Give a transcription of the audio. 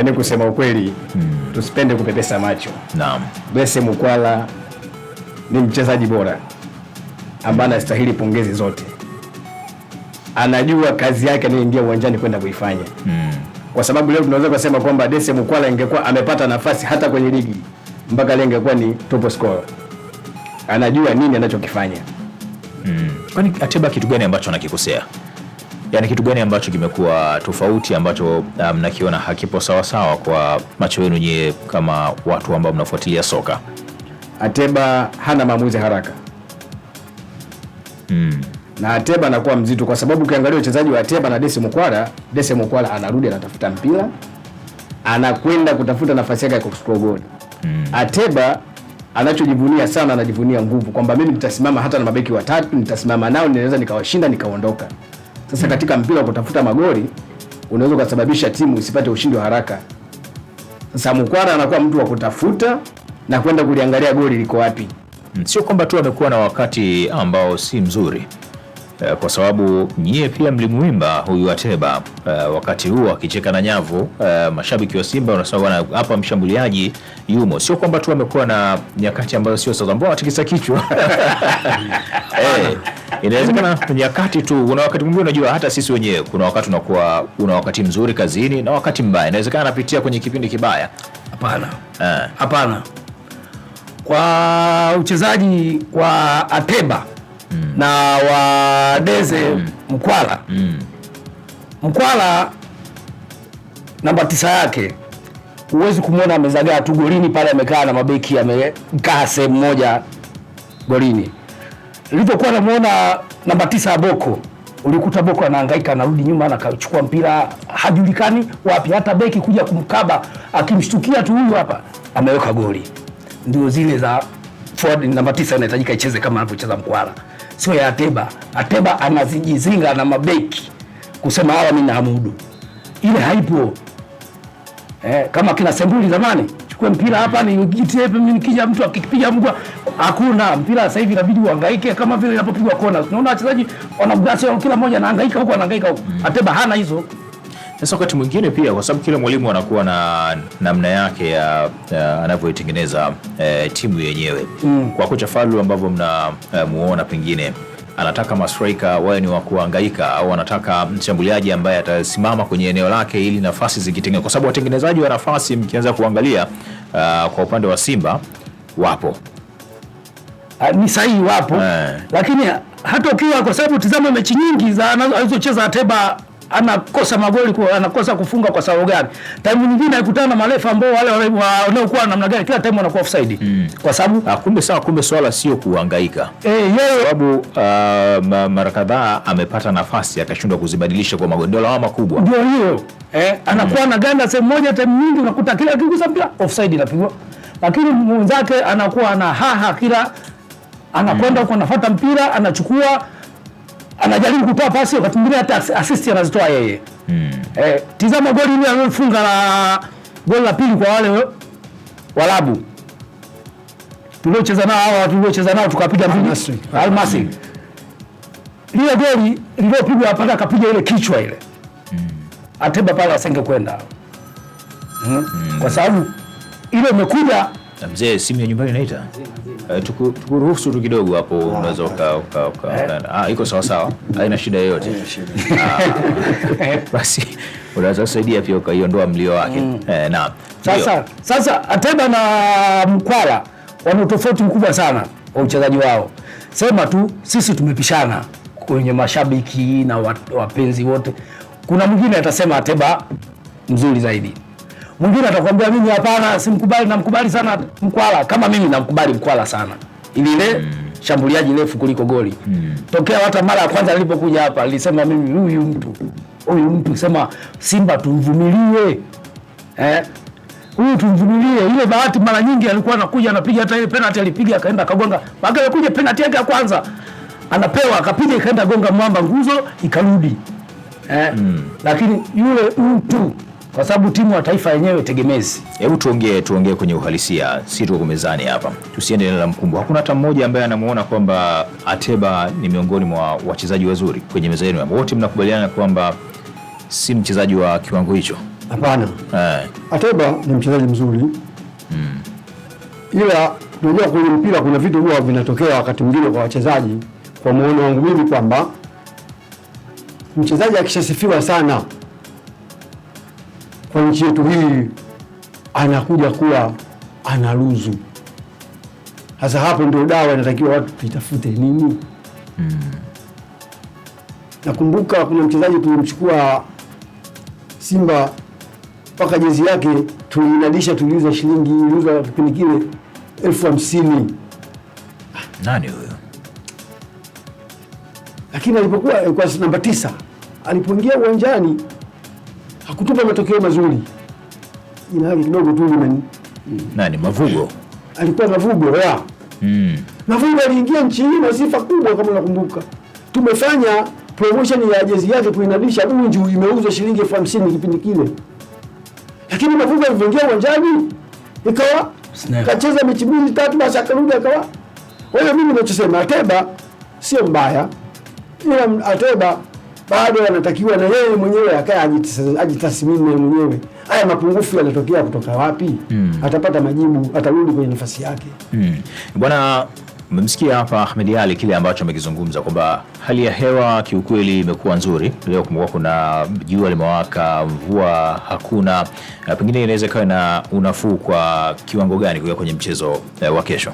Yaani kusema ukweli mm. Tusipende kupepesa macho. Naam. Blessem Mukwala ni mchezaji bora ambaye anastahili pongezi zote, anajua kazi yake anayoingia uwanjani kwenda kuifanya mm. Kwa sababu leo tunaweza kusema kwamba Blessem Mukwala ingekuwa amepata nafasi hata kwenye ligi mpaka leo ingekuwa ni top scorer. Anajua nini anachokifanya mm. Kwani Ateba kitu gani ambacho anakikosea? yani kitu gani ambacho kimekuwa tofauti ambacho mnakiona um, hakipo sawasawa kwa macho yenu nyie kama watu ambao mnafuatilia soka? Ateba hana maamuzi haraka mm. na Ateba anakuwa mzito kwa sababu ukiangalia uchezaji wa Ateba na desi Mukwala, desi Mukwala anarudi anatafuta mpira anakwenda kutafuta nafasi yake ya kuchukua goli mm. Ateba anachojivunia sana, anajivunia nguvu kwamba mimi nitasimama hata na mabeki watatu, nitasimama nao, ninaweza nikawashinda nikaondoka. Sasa katika mpira wa kutafuta magoli unaweza ukasababisha timu isipate ushindi wa haraka. Sasa Mkwara anakuwa mtu wa kutafuta na kwenda kuliangalia goli liko wapi. Hmm, sio kwamba tu amekuwa na wakati ambao si mzuri eh, kwa sababu nyie pia mlimwimba huyu Ateba eh, wakati huo akicheka na nyavu eh, mashabiki wa Simba wanasema hapa mshambuliaji yumo. Sio kwamba tu amekuwa na nyakati ambazo sio sawa, mbona atikisa kichwa? inawezekana nyakati tu, una wakati mwingine, unajua hata sisi wenyewe kuna wakati unakuwa una wakati mzuri kazini na wakati mbaya, inawezekana anapitia kwenye kipindi kibaya. Hapana, eh. hapana. Kwa uchezaji wa Ateba mm. na wa Deze mm. Mkwala mm. Mkwala namba tisa yake huwezi kumwona amezagaa tu golini pale, amekaa na mabeki amekaa sehemu moja golini nilipokuwa namuona namba tisa ya Boko ulikuta Boko anahangaika anarudi nyuma anakachukua mpira hajulikani wapi, hata beki kuja kumkaba akimshtukia tu huyu hapa ameweka goli. Ndio zile za forward namba tisa inahitajika icheze kama anavyocheza Mkwala, sio ya Ateba. Ateba anazijizinga na mabeki kusema hawa mimi naamudu, ile haipo. Eh, kama kina Sembuli zamani, chukue mpira hapa ni mimi nikija mtu akipiga mgwa hakuna mpira sasa hivi inabidi uhangaike kama vile inapopigwa kona. Unaona wachezaji wanabasi kila mmoja anahangaika huko anahangaika huko. Mm. Ateba hana hizo. Sasa wakati mwingine pia kwa sababu kila mwalimu anakuwa na namna yake ya, ya anavyoitengeneza eh, timu yenyewe. Mm. Kwa kocha Fadlu ambavyo mnamuona eh, pengine anataka masraika wawe ni wa kuhangaika, au anataka mshambuliaji ambaye atasimama kwenye eneo lake ili nafasi zikitengenezwa, kwa sababu watengenezaji wa nafasi mkianza kuangalia uh, kwa upande wa Simba wapo ah, ni sahihi, wapo eh. Lakini hata ukiwa kwa sababu tizama mechi nyingi za alizocheza Ateba ama kosa magoli kwa anakosa kufunga kwa sababu gani? Time nyingine akutana na marefa ambao wale wanaokuwa namna gani, kila time wanakuwa offside mm. kwa sababu ah, kumbe sawa, kumbe swala sio kuhangaika eh, yeye sababu uh, mara kadhaa amepata nafasi akashindwa kuzibadilisha kwa magondola au makubwa, ndio hiyo eh, anakuwa mm. na ganda sehemu moja, time nyingi unakuta kila kigusa mpira offside inapigwa, lakini mwenzake anakuwa na haha kila anakwenda hmm. huko mm. anafuata mpira anachukua anajaribu kutoa pasi, wakati mwingine hata assist anazitoa yeye mm. Eh, tizama goli ile aliyofunga la goli la pili kwa wale walabu tuliocheza nao hawa tuliocheza nao tukapiga mbili Almasi, lile goli lililopigwa paka akapiga ile kichwa ile mm. Ateba pale mm. mm. kwa sababu ile imekuja Mzee, simu ya nyumbani inaita, eh, tukuruhusu tu kidogo hapo, ah. unaweza eh. ah, iko sawa sawa, haina shida yoyote. Ah. Eh, basi unaweza kusaidia pia ukaiondoa mlio wake. Mm. Naam, sasa sasa Ateba na Mkwala wana utofauti mkubwa sana wa uchezaji wao, sema tu sisi tumepishana kwenye mashabiki na wapenzi wote. Kuna mwingine atasema Ateba mzuri zaidi Mwingine atakwambia mimi hapana, simkubali, namkubali sana mkwala kama mimi namkubali mkwala sana, ili ile mm. shambuliaji refu kuliko goli mm. tokea hata mara ya kwanza nilipokuja hapa nilisema mimi huyu mtu huyu mtu sema Simba tumvumilie eh huyu tumvumilie. Ile bahati mara nyingi alikuwa anakuja anapiga, hata ile penalty alipiga akaenda akagonga, baada ya kuja penalty yake ya kwanza anapewa akapiga ikaenda gonga mwamba nguzo ikarudi eh mm. lakini yule mtu kwa sababu timu ya taifa yenyewe tegemezi. Hebu tuongee tuongee kwenye uhalisia, si tuko mezani hapa, tusiende la mkumbo. Hakuna hata mmoja ambaye anamuona kwamba Ateba ni miongoni mwa wachezaji wazuri kwenye meza yenu, wote mnakubaliana kwamba si mchezaji wa kiwango hicho? Hapana, eh. Ateba ni mchezaji mzuri mm. ila unajua kwenye mpira kuna vitu huwa vinatokea wakati mwingine kwa wachezaji, kwa muono wangu mimi kwamba mchezaji akishasifiwa sana kwa nchi yetu hii anakuja kuwa analuzu. Sasa hapo ndio dawa inatakiwa watu tuitafute nini? Mm. Nakumbuka kuna mchezaji tulimchukua Simba mpaka jezi yake tuliinadisha, tuliuza shilingi iliuza kipindi kile elfu hamsini. Nani huyo? Lakini alipokuwa kwa namba tisa alipoingia uwanjani kutupa matokeo mazuri, jina lake kidogo tu limani nani, Mavugo alikuwa Mavugo ya mm. Mavugo aliingia nchi hii na sifa kubwa, kama unakumbuka, tumefanya promotion ya jezi yake kuinadisha Unju, imeuzwa shilingi elfu hamsini kipindi kile, lakini Mavugo alivyoingia uwanjani ikawa kacheza mechi mbili tatu, basi akarudi akawa. Kwa hiyo mimi nachosema Ateba sio mbaya, ila Ateba bado anatakiwa na yeye mwenyewe akae ajitathmini mwenyewe, haya mapungufu yanatokea kutoka wapi? mm. Atapata majibu, atarudi kwenye nafasi yake. mm. Bwana, mmemsikia hapa Ahmed ali kile ambacho amekizungumza kwamba hali ya hewa kiukweli imekuwa nzuri leo, kumekuwa kuna jua limewaka, mvua hakuna. Pengine inaweza ikawa na unafuu kwa kiwango gani kuja kwenye mchezo eh, wa kesho?